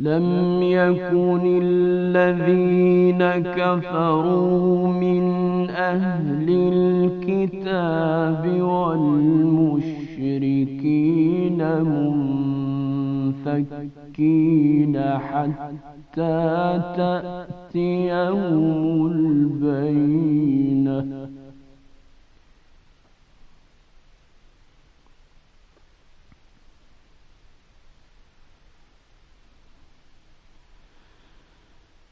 لم يكن الذين كفروا من أهل الكتاب والمشركين منفكين حتى تأتيهم البينه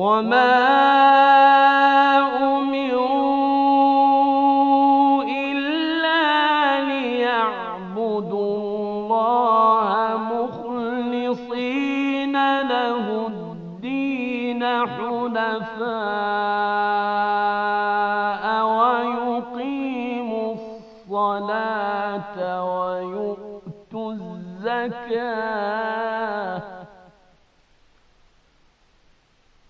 وما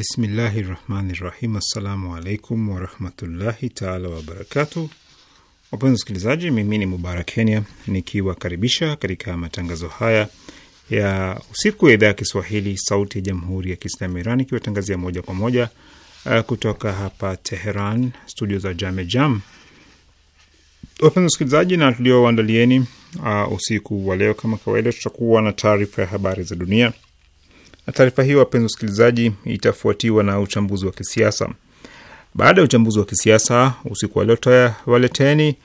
Bismillahi rahmani rahim. Assalamu alaikum warahmatullahi taala wabarakatu Wapenzi wasikilizaji, mimi ni Mubarak Kenya nikiwakaribisha katika matangazo haya ya usiku ya idhaa ya Kiswahili sauti ya jamhuri ya Kiislamu ya Iran ikiwatangazia moja kwa moja uh, kutoka hapa Teheran, studio za Jame Jam. Wapenzi wasikilizaji, na tulioandalieni uh, usiku wa leo kama kawaida, tutakuwa na taarifa ya habari za dunia Taarifa hiyo, wapenzi wasikilizaji, itafuatiwa na uchambuzi wa kisiasa. Baada ya uchambuzi wa kisiasa usiku wa leo, tutawaleteni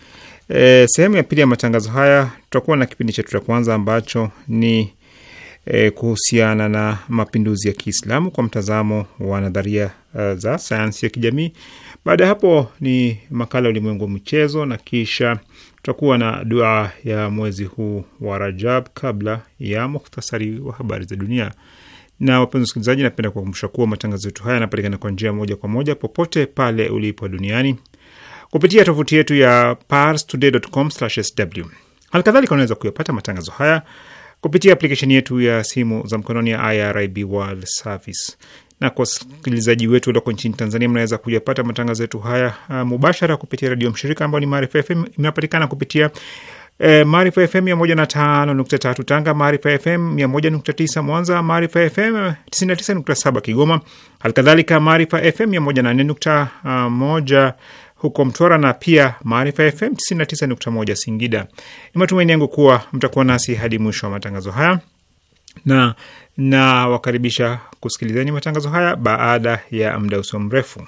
e, sehemu ya pili ya matangazo haya. Tutakuwa na kipindi chetu cha kwanza ambacho ni e, kuhusiana na mapinduzi ya Kiislamu kwa mtazamo wa nadharia e, za sayansi ya kijamii. Baada ya hapo ni makala ulimwengu wa michezo, na kisha tutakuwa na dua ya mwezi huu wa Rajab kabla ya muhtasari wa habari za dunia. Na wapenzi wasikilizaji, napenda kuwakumbusha kuwa matangazo yetu haya yanapatikana kwa njia moja kwa moja popote pale ulipo duniani kupitia tovuti yetu ya parstoday.com/sw. Halikadhalika unaweza kuyapata matangazo haya kupitia aplikesheni yetu ya simu za mkononi ya IRIB World Service. Na kwa wasikilizaji wetu walioko nchini Tanzania, mnaweza kuyapata matangazo yetu haya uh, mubashara kupitia redio mshirika ambayo ni Maarifa FM. Inapatikana kupitia E, Maarifa FM mia moja na tano nukta tatu Tanga, Maarifa FM mia moja nukta tisa Mwanza, Maarifa FM tisini tisa nukta saba Kigoma, halikadhalika Maarifa FM mia moja na nukta moja huko Mtwara na pia Maarifa FM 99.1 Singida. Ni matumaini yangu kuwa mtakuwa nasi hadi mwisho wa matangazo haya, na nawakaribisha kusikilizani matangazo haya baada ya muda usio mrefu.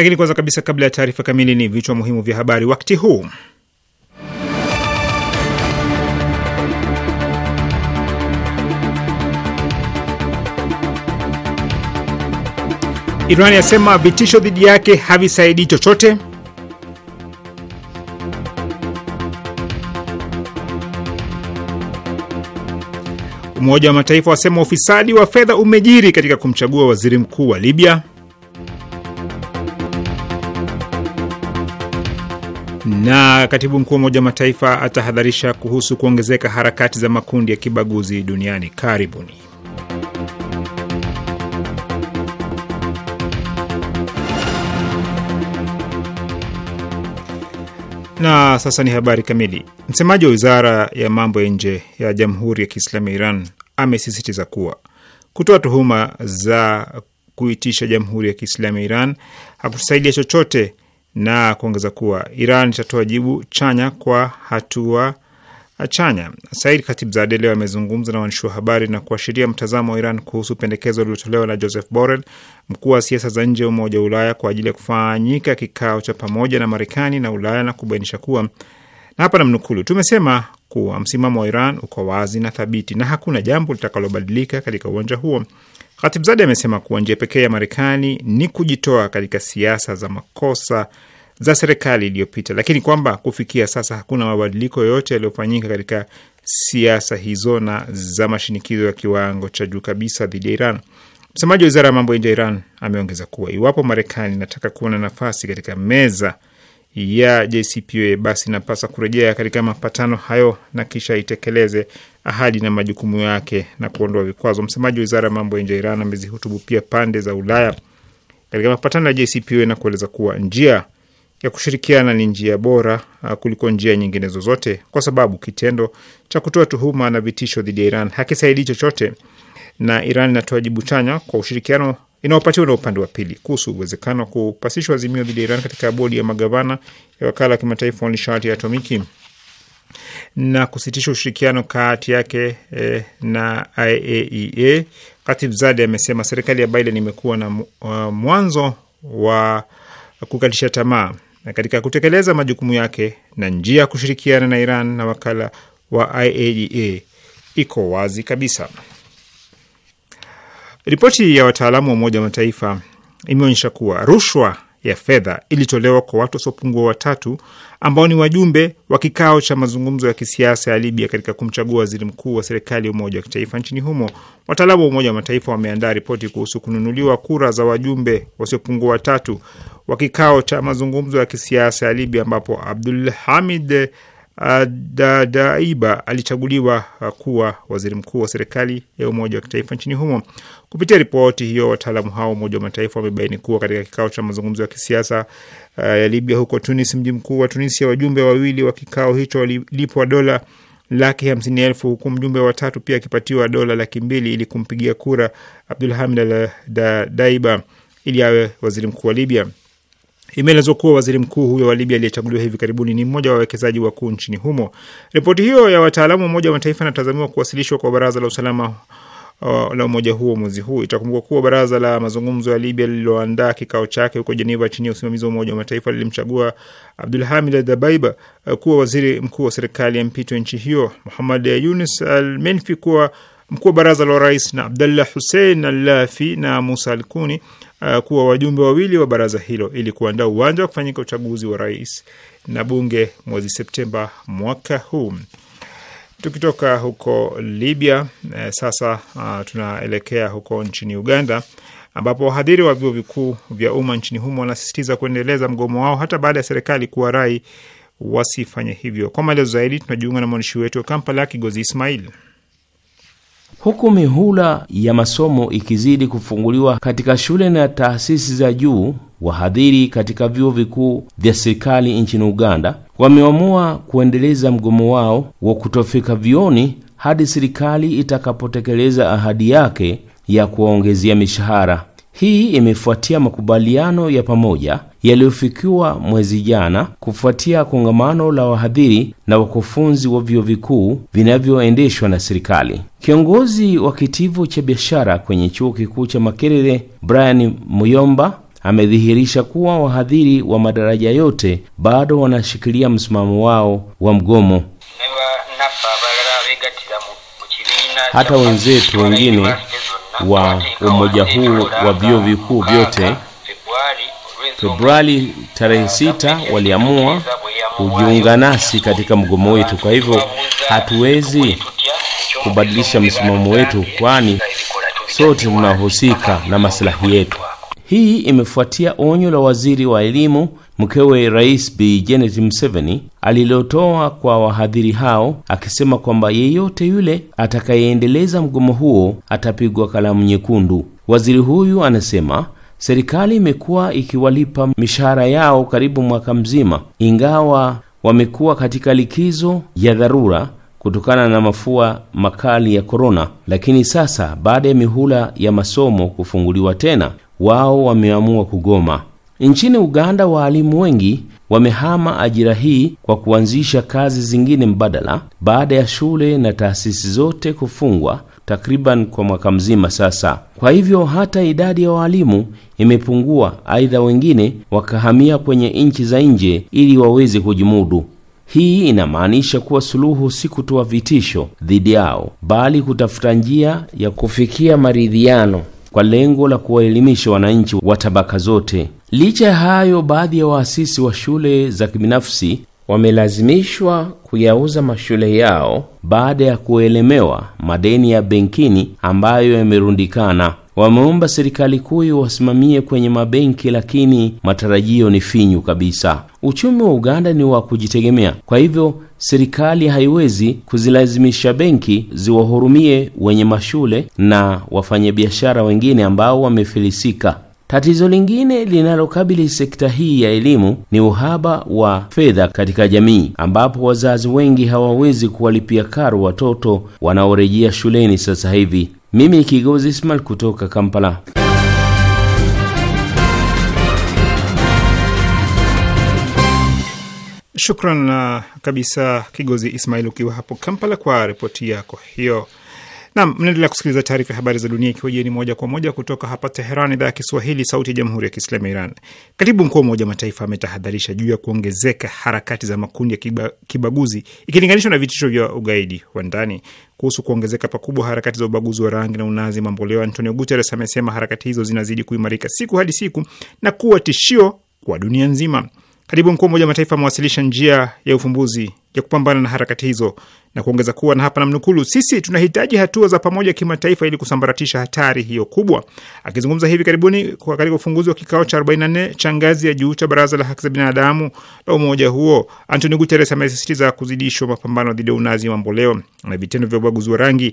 Lakini kwanza kabisa, kabla ya taarifa kamili, ni vichwa muhimu vya habari wakati huu. Iran yasema vitisho dhidi yake havisaidii chochote. Umoja wa Mataifa wasema ufisadi wa fedha umejiri katika kumchagua waziri mkuu wa Libya. Na katibu mkuu wa Umoja wa Mataifa atahadharisha kuhusu kuongezeka harakati za makundi ya kibaguzi duniani. Karibuni. Na sasa ni habari kamili. Msemaji wa wizara ya mambo ya nje ya Jamhuri ya Kiislamu ya Iran amesisitiza kuwa kutoa tuhuma za kuitisha Jamhuri ya Kiislamu ya Iran hakutusaidia chochote na kuongeza kuwa Iran itatoa jibu chanya kwa hatua chanya. Said Khatibzadeh leo amezungumza na waandishi wa habari na kuashiria mtazamo wa Iran kuhusu pendekezo lililotolewa na Joseph Borrell, mkuu wa siasa za nje wa Umoja wa Ulaya, kwa ajili ya kufanyika kikao cha pamoja na Marekani na Ulaya na kubainisha kuwa, na hapa namnukulu, tumesema kuwa msimamo wa Iran uko wazi na thabiti na hakuna jambo litakalobadilika katika uwanja huo. Khatibzadeh amesema kuwa njia pekee ya Marekani ni kujitoa katika siasa za makosa za serikali iliyopita, lakini kwamba kufikia sasa hakuna mabadiliko yoyote yaliyofanyika katika siasa hizo na za mashinikizo ya kiwango cha juu kabisa dhidi ya Iran. Msemaji wa wizara ya mambo ya nje ya Iran ameongeza kuwa iwapo Marekani inataka kuwa na nafasi katika meza ya JCPOA basi inapasa kurejea katika mapatano hayo na kisha itekeleze ahadi na majukumu yake na kuondoa vikwazo. Msemaji wa wizara ya mambo ya nje ya Iran amezihutubu pia pande za Ulaya katika mapatano ya JCPOA na kueleza kuwa njia ya kushirikiana ni njia bora ah, kuliko njia nyingine zozote, kwa sababu kitendo cha kutoa tuhuma na vitisho dhidi ya Iran hakisaidii chochote na Iran inatoa jibu chanya kwa ushirikiano inaopatiwa na upande wa pili. Kuhusu uwezekano wa kupasishwa azimio dhidi ya Iran katika bodi ya magavana ya wakala wa kimataifa wa nishati ya atomiki na kusitisha ushirikiano kati yake eh, e, na IAEA. Zade amesema serikali ya Biden imekuwa na uh, mwanzo wa kukatisha tamaa katika kutekeleza majukumu yake na njia ya kushirikiana na Iran na wakala wa IAEA e iko wazi kabisa. Ripoti ya wataalamu wa Umoja wa Mataifa imeonyesha kuwa rushwa ya fedha ilitolewa kwa watu wasiopungua watatu ambao ni wajumbe wa kikao cha mazungumzo ya kisiasa ya Libya katika kumchagua waziri mkuu wa serikali ya Umoja wa Kitaifa nchini humo. Wataalamu wa Umoja wa Mataifa wameandaa ripoti kuhusu kununuliwa kura za wajumbe wasiopungua watatu wa kikao cha mazungumzo ya kisiasa ya Libya ambapo Abdul Hamid Dadaiba alichaguliwa uh, kuwa waziri mkuu wa serikali ya umoja wa kitaifa nchini humo. Kupitia ripoti hiyo, wataalamu hao Umoja wa Mataifa wamebaini kuwa katika kikao cha mazungumzo ya kisiasa uh, ya Libya huko Tunis, mji mkuu wa Tunisia, wajumbe wawili wa kikao hicho walilipwa dola laki hamsini elfu huku mjumbe wa tatu pia akipatiwa dola laki mbili ili kumpigia kura abdulhamid Hamid ili awe waziri mkuu wa Libya. Imeelezwa kuwa waziri mkuu huyo wa Libya aliyechaguliwa hivi karibuni ni mmoja wa wawekezaji wakuu nchini humo. Ripoti hiyo ya wataalamu wa Umoja wa Mataifa inatazamiwa kuwasilishwa kwa Baraza la Usalama uh, la umoja huo mwezi huu. Itakumbuka kuwa baraza la mazungumzo ya Libya lililoandaa kikao chake huko Jeneva chini ya usimamizi wa Umoja wa Mataifa lilimchagua Abdulhamid Dabaiba uh, kuwa waziri mkuu wa serikali ya mpito nchi hiyo, Muhamad Yunis Al Menfi kuwa mkuu wa baraza la rais, na Abdullah Hussein Al Lafi na Musa Al Kuni uh, kuwa wajumbe wawili wa baraza hilo ili kuandaa uwanja wa kufanyika uchaguzi wa rais na bunge mwezi Septemba mwaka huu. Tukitoka huko Libya eh, sasa uh, tunaelekea huko nchini Uganda ambapo wahadhiri wa vyuo vikuu vya umma nchini humo wanasisitiza kuendeleza mgomo wao hata baada ya serikali kuwa rai wasifanye hivyo. Kwa maelezo zaidi tunajiunga na mwandishi wetu wa Kampala, Kigozi Ismail huku mihula ya masomo ikizidi kufunguliwa katika shule na taasisi za juu, wahadhiri katika vyuo vikuu vya serikali nchini Uganda wameamua kuendeleza mgomo wao wa kutofika vioni hadi serikali itakapotekeleza ahadi yake ya kuwaongezea mishahara. Hii imefuatia makubaliano ya pamoja yaliyofikiwa mwezi jana kufuatia kongamano la wahadhiri na wakufunzi wa vyuo vikuu vinavyoendeshwa na serikali. Kiongozi wa kitivo cha biashara kwenye chuo kikuu cha Makerere, Brian Muyomba, amedhihirisha kuwa wahadhiri wa madaraja yote bado wanashikilia msimamo wao wa mgomo. Hata wenzetu wengine wa umoja huu wa vyuo vikuu vyote Februari tarehe sita waliamua kujiunga nasi katika mgomo wetu. Kwa hivyo hatuwezi kubadilisha msimamo wetu, kwani sote tunahusika na maslahi yetu. Hii imefuatia onyo la waziri wa elimu Mkewe Rais Bi Janet Museveni alilotoa kwa wahadhiri hao akisema kwamba yeyote yule atakayeendeleza mgomo huo atapigwa kalamu nyekundu. Waziri huyu anasema serikali imekuwa ikiwalipa mishahara yao karibu mwaka mzima, ingawa wamekuwa katika likizo ya dharura kutokana na mafua makali ya korona. Lakini sasa baada ya mihula ya masomo kufunguliwa tena, wao wameamua kugoma. Nchini Uganda, waalimu wengi wamehama ajira hii kwa kuanzisha kazi zingine mbadala baada ya shule na taasisi zote kufungwa takriban kwa mwaka mzima sasa. Kwa hivyo hata idadi ya waalimu imepungua. Aidha, wengine wakahamia kwenye nchi za nje ili waweze kujimudu. Hii inamaanisha kuwa suluhu si kutoa vitisho dhidi yao, bali kutafuta njia ya kufikia maridhiano kwa lengo la kuwaelimisha wananchi wa tabaka zote. Licha ya hayo, baadhi ya waasisi wa shule za kibinafsi wamelazimishwa kuyauza mashule yao baada ya kuelemewa madeni ya benkini ambayo yamerundikana. Wameomba serikali kuu iwasimamie kwenye mabenki, lakini matarajio ni finyu kabisa. Uchumi wa Uganda ni wa kujitegemea, kwa hivyo serikali haiwezi kuzilazimisha benki ziwahurumie wenye mashule na wafanyabiashara wengine ambao wamefilisika. Tatizo lingine linalokabili sekta hii ya elimu ni uhaba wa fedha katika jamii, ambapo wazazi wengi hawawezi kuwalipia karo watoto wanaorejea shuleni sasa hivi. Mimi Kigozi Ismail kutoka Kampala. Shukran uh, kabisa Kigozi Ismail ukiwa hapo Kampala kwa ripoti yako hiyo. Nam, mnaendelea kusikiliza taarifa ya habari za dunia ikiwa moja kwa moja kutoka hapa Teheran, idhaa ya Kiswahili, sauti ya jamhuri ya kiislamu ya Iran. Katibu mkuu wa Umoja Mataifa ametahadharisha juu ya kuongezeka harakati za makundi ya kiba, kibaguzi ikilinganishwa na vitisho vya ugaidi wa ndani. Kuhusu kuongezeka pakubwa harakati za ubaguzi wa rangi na unazi mamboleo, Antonio Guterres amesema harakati hizo zinazidi kuimarika siku hadi siku na kuwa tishio kwa dunia nzima. Katibu mkuu wa Umoja wa Mataifa amewasilisha njia ya ufumbuzi ya kupambana na harakati hizo na kuongeza kuwa, na hapa namnukulu, sisi tunahitaji hatua za pamoja kimataifa ili kusambaratisha hatari hiyo kubwa. Akizungumza hivi karibuni katika ufunguzi wa kikao cha 44 cha ngazi ya juu cha Baraza la Haki za Binadamu la umoja huo, Antoni Guteres amesisitiza kuzidishwa mapambano dhidi ya unazi mamboleo na vitendo vya ubaguzi wa rangi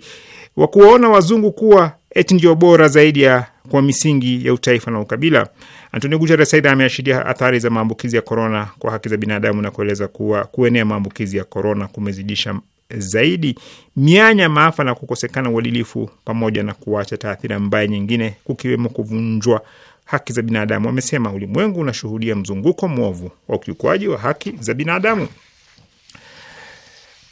wa kuwaona wazungu kuwa eti ndio bora zaidi ya kwa misingi ya utaifa na ukabila. Antonio Guterres aidha ameashiria athari za maambukizi ya korona kwa haki za binadamu na kueleza kuwa kuenea maambukizi ya korona kumezidisha zaidi mianya maafa na kukosekana uadilifu pamoja na kuacha taathira mbaya nyingine kukiwemo kuvunjwa haki za binadamu. Amesema ulimwengu unashuhudia mzunguko mwovu wa ukiukwaji wa haki za binadamu.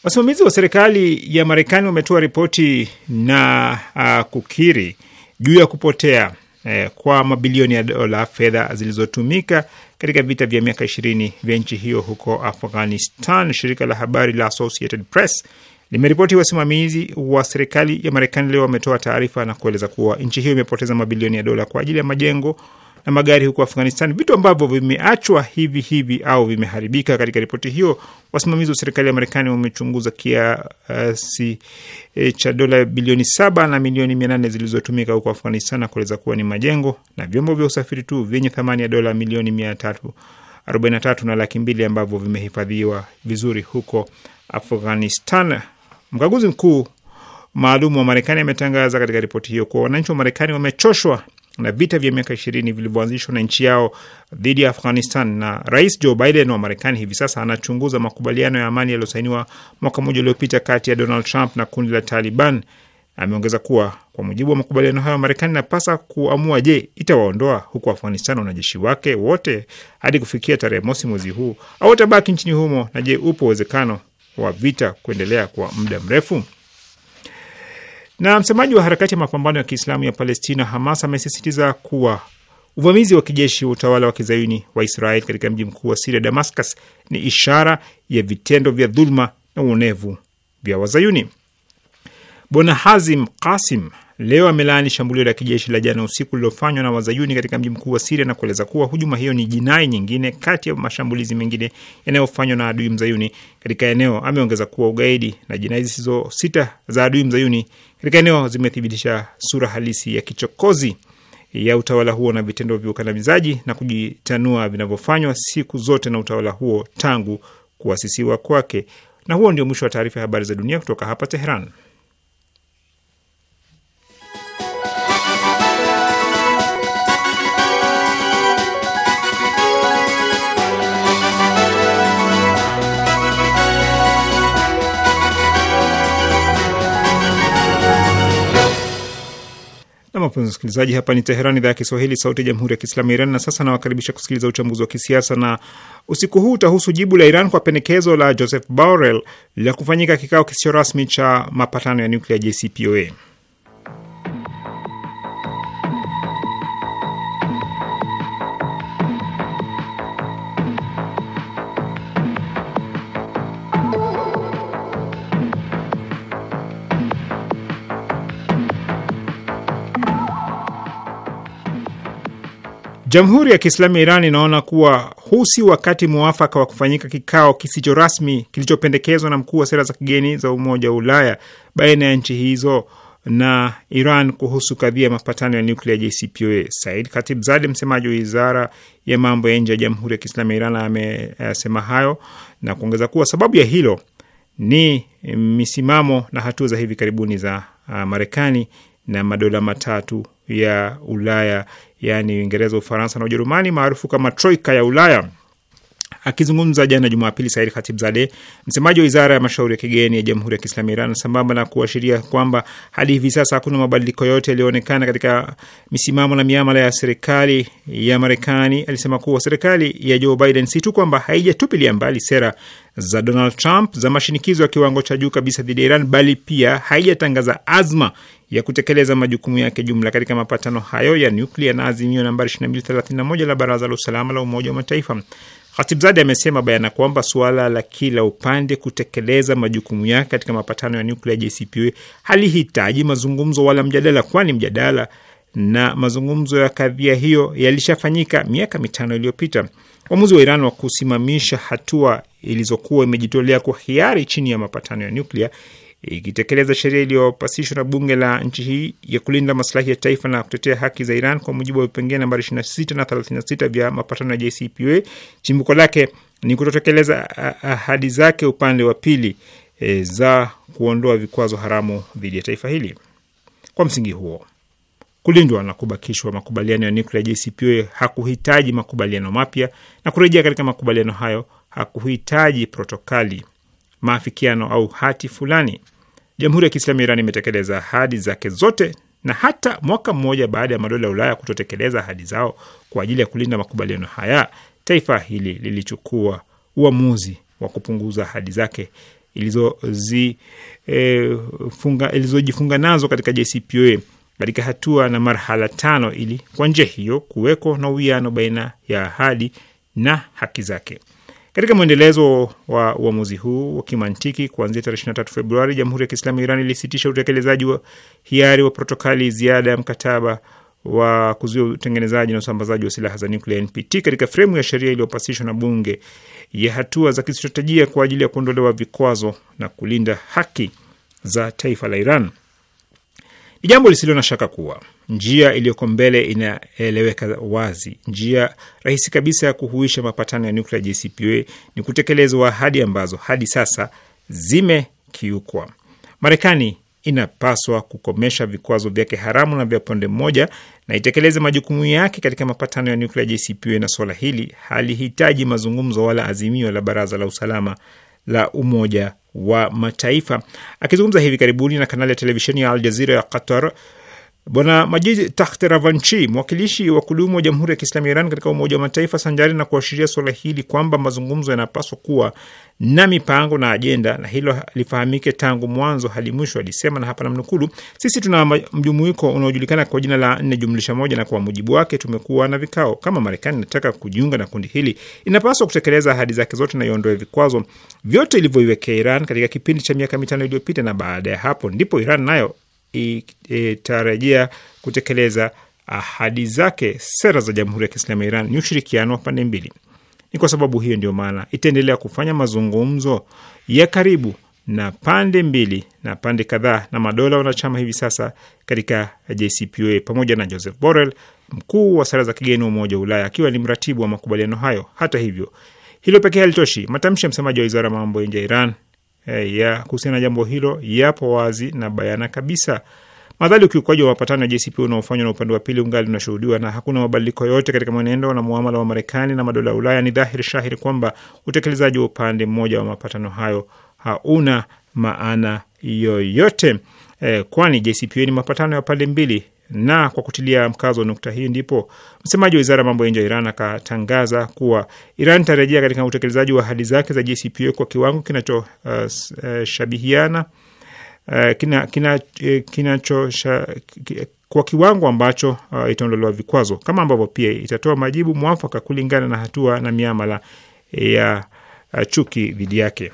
Wasimamizi wa serikali ya Marekani wametoa ripoti na uh, kukiri juu ya kupotea eh, kwa mabilioni ya dola fedha zilizotumika katika vita vya miaka ishirini vya nchi hiyo huko Afghanistan. Shirika la habari la Associated Press limeripoti wasimamizi wa serikali ya Marekani leo wametoa taarifa na kueleza kuwa nchi hiyo imepoteza mabilioni ya dola kwa ajili ya majengo na magari huko Afghanistan, vitu ambavyo vimeachwa hivi hivi au vimeharibika. Katika ripoti hiyo, wasimamizi wa serikali ya Marekani wamechunguza kiasi e, cha dola bilioni saba na milioni mia nane zilizotumika huko Afghanistan na kueleza kuwa ni majengo na vyombo vya usafiri tu vyenye thamani ya dola milioni mia tatu 43 na laki mbili ambavyo vimehifadhiwa vizuri huko Afghanistan. Mkaguzi mkuu maalum wa Marekani ametangaza katika ripoti hiyo kuwa wananchi wa Marekani wamechoshwa na vita vya miaka ishirini vilivyoanzishwa na nchi yao dhidi ya Afghanistan. Na Rais Joe Biden wa Marekani hivi sasa anachunguza makubaliano ya amani yaliyosainiwa mwaka mmoja uliopita kati ya Donald Trump na kundi la Taliban. Ameongeza kuwa kwa mujibu wa makubaliano hayo, Marekani inapasa kuamua, je, itawaondoa huko Afghanistan wanajeshi wake wote hadi kufikia tarehe mosi mwezi huu au watabaki nchini humo, na je, upo uwezekano wa vita kuendelea kwa muda mrefu? Na msemaji wa harakati ya mapambano ya Kiislamu ya Palestina Hamas amesisitiza kuwa uvamizi wa kijeshi wa utawala wa kizayuni wa Israel katika mji mkuu wa Siria Damascus ni ishara ya vitendo vya dhuluma na uonevu vya Wazayuni. Bwana Hazim Kasim leo amelaani shambulio la kijeshi la jana usiku lililofanywa na wazayuni katika mji mkuu wa Siria na kueleza kuwa hujuma hiyo ni jinai nyingine kati ya mashambulizi mengine yanayofanywa na adui mzayuni katika eneo. Ameongeza kuwa ugaidi na jinai zisizo sita za adui mzayuni katika eneo zimethibitisha sura halisi ya kichokozi ya utawala huo na vitendo vya ukandamizaji na kujitanua vinavyofanywa siku zote na utawala huo tangu kuasisiwa kwake. Na huo ndio mwisho wa taarifa ya habari za dunia kutoka hapa Teheran. wapenzi msikilizaji, hapa ni Teherani, idhaa ya Kiswahili, sauti ya jamhuri ya kiislamu ya Iran. Na sasa nawakaribisha kusikiliza uchambuzi wa kisiasa, na usiku huu utahusu jibu la Iran kwa pendekezo la Joseph Borrell la kufanyika kikao kisicho rasmi cha mapatano ya nuklia JCPOA. Jamhuri ya Kiislamu ya Iran inaona kuwa huu si wakati mwafaka wa kufanyika kikao kisicho rasmi kilichopendekezwa na mkuu wa sera za kigeni za Umoja wa Ulaya baina ya nchi hizo na Iran kuhusu kadhia ya mapatano ya nuklia JCPOA. Said Khatibzadeh, msemaji wa wizara ya mambo ya nje ya Jamhuri ya Kiislamu ya Iran, amesema hayo na kuongeza kuwa sababu ya hilo ni misimamo na hatua za hivi karibuni za uh, Marekani na madola matatu ya Ulaya yaani Uingereza, Ufaransa na Ujerumani, maarufu kama Troika ya Ulaya. Akizungumza jana Jumapili, Said zade msemaji wa wizara ya mashauri ya kigeni ya Jamhuri ya Kiislamu Iran, sambamba na kuashiria kwamba hadi hivi sasa hakuna mabadiliko yote yaliyoonekana katika misimamo na miamala ya serikali ya Marekani, alisema kuwa serikali ya Joe Biden si tu kwamba haijatupilia mbali sera za Donald Trump za mashinikizo ya kiwango cha juu kabisa dhidi ya Iran, bali pia haijatangaza azma ya kutekeleza majukumu yake jumla katika mapatano hayo ya nuklia na azimio nambari 2231 la Baraza la Usalama la Umoja wa Mataifa. Khatibzade amesema bayana kwamba suala la kila upande kutekeleza majukumu yake katika mapatano ya nuklia JCPOA halihitaji mazungumzo wala mjadala, kwani mjadala na mazungumzo ya kadhia hiyo yalishafanyika miaka mitano iliyopita. Uamuzi wa Iran wa kusimamisha hatua ilizokuwa imejitolea kwa hiari chini ya mapatano ya nuklia ikitekeleza sheria iliyopasishwa na bunge la nchi hii ya kulinda maslahi ya taifa na kutetea haki za Iran kwa mujibu wa vipengee nambari 26 na 36 vya mapatano ya JCPOA. Chimbuko lake ni kutotekeleza ahadi zake upande wa pili e, za kuondoa vikwazo haramu dhidi ya taifa hili. Kwa msingi huo, kulindwa na kubakishwa makubaliano ya nuklia JCPOA hakuhitaji makubaliano mapya na kurejea katika makubaliano hayo hakuhitaji protokali, maafikiano au hati fulani. Jamhuri ya Kiislamu ya Iran imetekeleza ahadi zake zote na hata mwaka mmoja baada ya madola ya Ulaya kutotekeleza ahadi zao kwa ajili ya kulinda makubaliano haya, taifa hili lilichukua uamuzi wa kupunguza ahadi zake eh, ilizojifunga e, nazo katika JCPOA katika hatua na marhala tano, ili kwa njia hiyo kuweko na uwiano baina ya ahadi na haki zake. Katika mwendelezo wa uamuzi huu wa kimantiki, kuanzia tarehe 23 Februari, Jamhuri ya Kiislamu ya Iran ilisitisha utekelezaji wa hiari wa protokali ziada ya mkataba wa kuzuia utengenezaji na usambazaji wa silaha za nyuklia NPT katika fremu ya sheria iliyopasishwa na bunge ya hatua za kistratejia kwa ajili ya kuondolewa vikwazo na kulinda haki za taifa la Iran. Ni jambo lisilo na shaka kuwa Njia iliyoko mbele inaeleweka wazi. Njia rahisi kabisa ya kuhuisha mapatano ya nuklia JCPOA ni kutekelezwa ahadi ambazo hadi sasa zimekiukwa. Marekani inapaswa kukomesha vikwazo vyake haramu na vya pande mmoja na itekeleze majukumu yake katika mapatano ya nuklia JCPOA, na suala hili halihitaji mazungumzo wala azimio la Baraza la Usalama la Umoja wa Mataifa. Akizungumza hivi karibuni na kanali ya televisheni ya Al Jazeera ya Qatar, Bwana Majid Tahteravanchi, mwakilishi wa kudumu wa Jamhuri ya Kiislamu ya Iran katika Umoja wa Mataifa, sanjari na kuashiria suala hili kwamba mazungumzo yanapaswa kuwa na mipango na ajenda, na hilo lifahamike tangu mwanzo hadi mwisho, alisema, na hapa namnukulu: sisi tuna mjumuiko unaojulikana kwa jina la nne jumlisha moja, na kwa mujibu wake tumekuwa na vikao. Kama Marekani inataka kujiunga na kundi hili, inapaswa kutekeleza ahadi zake zote na iondoe vikwazo vyote ilivyoiwekea Iran katika kipindi cha miaka mitano iliyopita, na baada ya hapo ndipo Iran nayo itarajia kutekeleza ahadi zake. Sera za Jamhuri ya Kiislamu ya Iran ni ushirikiano wa pande mbili. Ni kwa sababu hiyo ndio maana itaendelea kufanya mazungumzo ya karibu na pande mbili na pande kadhaa na madola wanachama hivi sasa katika JCPOA pamoja na Joseph Borrell, mkuu wa sera za kigeni wa Umoja wa Ulaya, akiwa ni mratibu wa makubaliano hayo. Hata hivyo, hilo pekee halitoshi. Matamshi ya msemaji wa wizara ya mambo ya nje ya Iran Eh, ya kuhusiana na jambo hilo yapo wazi na bayana kabisa. Madhali ukiukwaji wa mapatano ya jcp unaofanywa na upande wa pili ungali unashuhudiwa na hakuna mabadiliko yote katika mwenendo na muamala wa Marekani na madola ya Ulaya, ni dhahiri shahiri kwamba utekelezaji wa upande mmoja wa mapatano hayo hauna maana yoyote eh, kwani JCPOA ni mapatano ya pande mbili na kwa kutilia mkazo wa nukta hii, ndipo msemaji wa wizara ya mambo ya nje ya Iran akatangaza kuwa Iran itarejea katika utekelezaji wa ahadi zake za JCPOA kwa kiwango kinachoshabihiana uh, uh, uh, kina, kina, eh, kinacho kwa kiwango ambacho uh, itaondolewa vikwazo, kama ambavyo pia itatoa majibu mwafaka kulingana na hatua na miamala ya uh, chuki dhidi yake.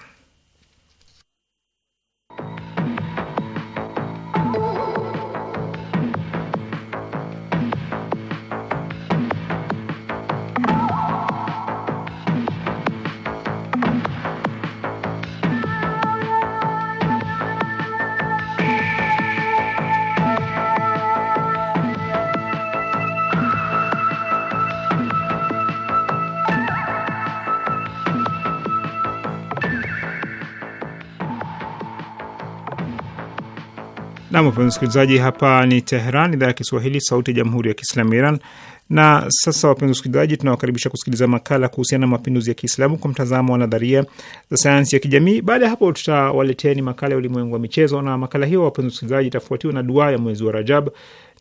Nam, wapenzi msikilizaji, hapa ni Teheran, idhaa ya Kiswahili, sauti ya jamhuri ya kiislamu Iran. Na sasa, wapenzi wasikilizaji, tunawakaribisha kusikiliza makala kuhusiana na mapinduzi ya Kiislamu kwa mtazamo wa nadharia za sayansi ya kijamii. Baada ya hapo, tutawaleteni makala ya ulimwengu wa michezo, na makala hiyo, wapenzi wasikilizaji, itafuatiwa na duaa ya mwezi wa Rajab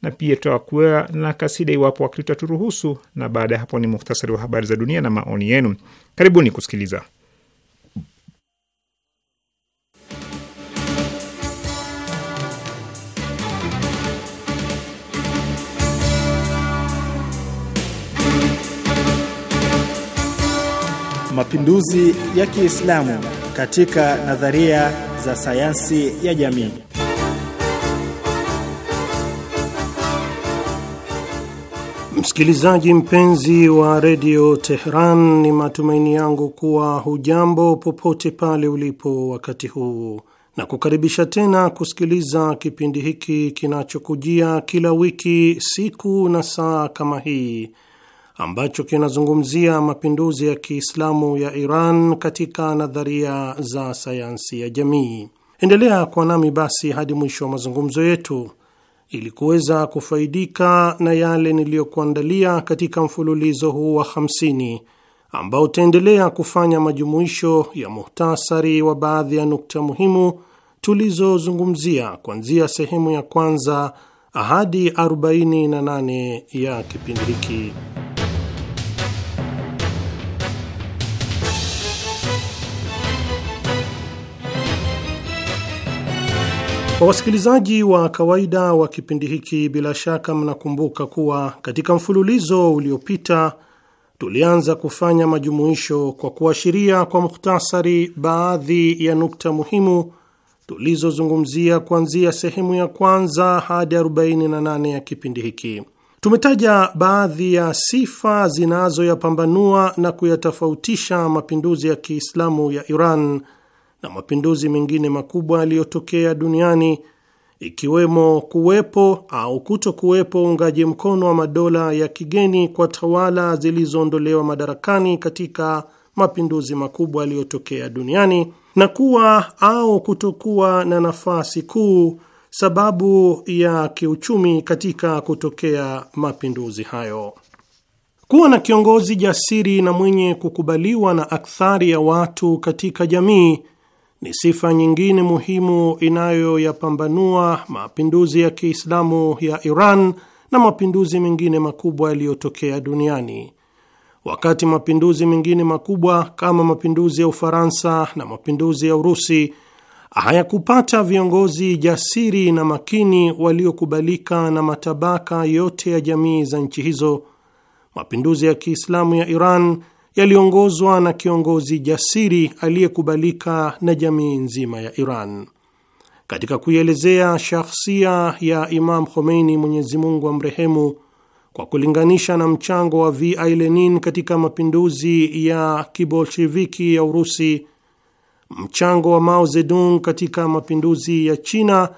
na pia tutakuwa na kasida iwapo wakati utaturuhusu, na baada ya hapo ni muhtasari wa habari za dunia na maoni yenu. Karibuni kusikiliza. mapinduzi ya Kiislamu katika nadharia za sayansi ya jamii. Msikilizaji mpenzi wa redio Tehran, ni matumaini yangu kuwa hujambo popote pale ulipo wakati huu, na kukaribisha tena kusikiliza kipindi hiki kinachokujia kila wiki siku na saa kama hii ambacho kinazungumzia mapinduzi ya Kiislamu ya Iran katika nadharia za sayansi ya jamii. Endelea kuwa nami basi hadi mwisho wa mazungumzo yetu ili kuweza kufaidika na yale niliyokuandalia katika mfululizo huu wa 50 ambao utaendelea kufanya majumuisho ya muhtasari wa baadhi ya nukta muhimu tulizozungumzia kuanzia sehemu ya kwanza hadi 48 ya kipindi hiki. Kwa wasikilizaji wa kawaida wa kipindi hiki, bila shaka mnakumbuka kuwa katika mfululizo uliopita tulianza kufanya majumuisho kwa kuashiria kwa muhtasari baadhi ya nukta muhimu tulizozungumzia kuanzia sehemu ya kwanza hadi 48 ya kipindi hiki. Tumetaja baadhi ya sifa zinazoyapambanua na kuyatofautisha mapinduzi ya Kiislamu ya Iran na mapinduzi mengine makubwa yaliyotokea duniani ikiwemo kuwepo au kutokuwepo uungaji mkono wa madola ya kigeni kwa tawala zilizoondolewa madarakani katika mapinduzi makubwa yaliyotokea duniani na kuwa au kutokuwa na nafasi kuu sababu ya kiuchumi katika kutokea mapinduzi hayo. Kuwa na kiongozi jasiri na mwenye kukubaliwa na akthari ya watu katika jamii ni sifa nyingine muhimu inayoyapambanua mapinduzi ya Kiislamu ya Iran na mapinduzi mengine makubwa yaliyotokea duniani. Wakati mapinduzi mengine makubwa kama mapinduzi ya Ufaransa na mapinduzi ya Urusi hayakupata viongozi jasiri na makini waliokubalika na matabaka yote ya jamii za nchi hizo, mapinduzi ya Kiislamu ya Iran yaliongozwa na kiongozi jasiri aliyekubalika na jamii nzima ya Iran. Katika kuielezea shakhsia ya Imam Khomeini, Mwenyezi Mungu amrehemu, kwa kulinganisha na mchango wa V.I. Lenin katika mapinduzi ya kibolsheviki ya Urusi, mchango wa Mao Zedong katika mapinduzi ya China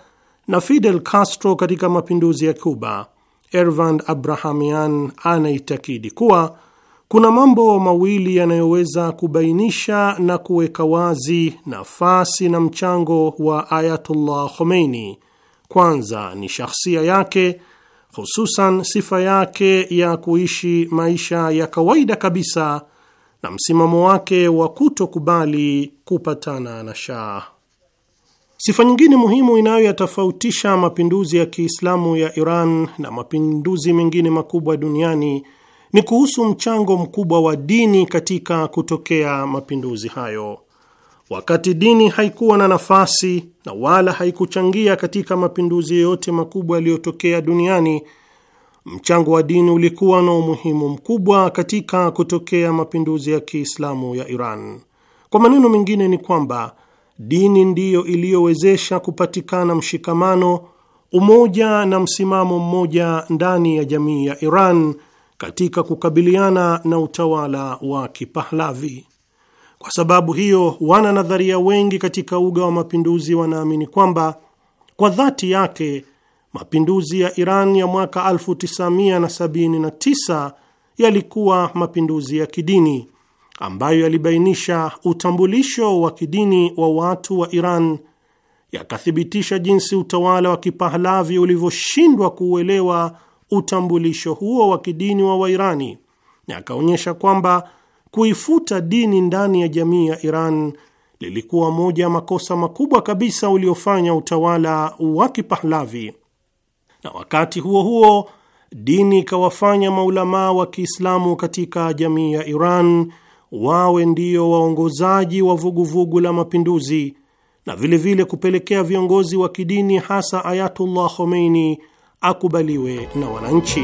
na Fidel Castro katika mapinduzi ya Cuba, Ervand Abrahamian anaitakidi kuwa kuna mambo mawili yanayoweza kubainisha na kuweka wazi nafasi na mchango wa Ayatullah Khomeini. Kwanza ni shahsia yake, hususan sifa yake ya kuishi maisha ya kawaida kabisa na msimamo wake wa kutokubali kupatana na Shah. Sifa nyingine muhimu inayoyatofautisha mapinduzi ya Kiislamu ya Iran na mapinduzi mengine makubwa duniani ni kuhusu mchango mkubwa wa dini katika kutokea mapinduzi hayo. Wakati dini haikuwa na nafasi na wala haikuchangia katika mapinduzi yoyote makubwa yaliyotokea duniani, mchango wa dini ulikuwa na umuhimu mkubwa katika kutokea mapinduzi ya Kiislamu ya Iran. Kwa maneno mengine, ni kwamba dini ndiyo iliyowezesha kupatikana mshikamano, umoja na msimamo mmoja ndani ya jamii ya Iran katika kukabiliana na utawala wa Kipahlavi. Kwa sababu hiyo, wana nadharia wengi katika uga wa mapinduzi wanaamini kwamba kwa dhati yake mapinduzi ya Iran ya mwaka 1979 yalikuwa mapinduzi ya kidini ambayo yalibainisha utambulisho wa kidini wa watu wa Iran, yakathibitisha jinsi utawala wa Kipahlavi ulivyoshindwa kuuelewa utambulisho huo wa kidini wa Wairani na akaonyesha kwamba kuifuta dini ndani ya jamii ya Iran lilikuwa moja ya makosa makubwa kabisa uliofanya utawala wa Kipahlavi, na wakati huo huo dini ikawafanya maulamaa wa Kiislamu katika jamii ya Iran wawe ndio waongozaji wa vuguvugu vugu la mapinduzi na vilevile vile kupelekea viongozi wa kidini hasa Ayatullah Khomeini akubaliwe na wananchi.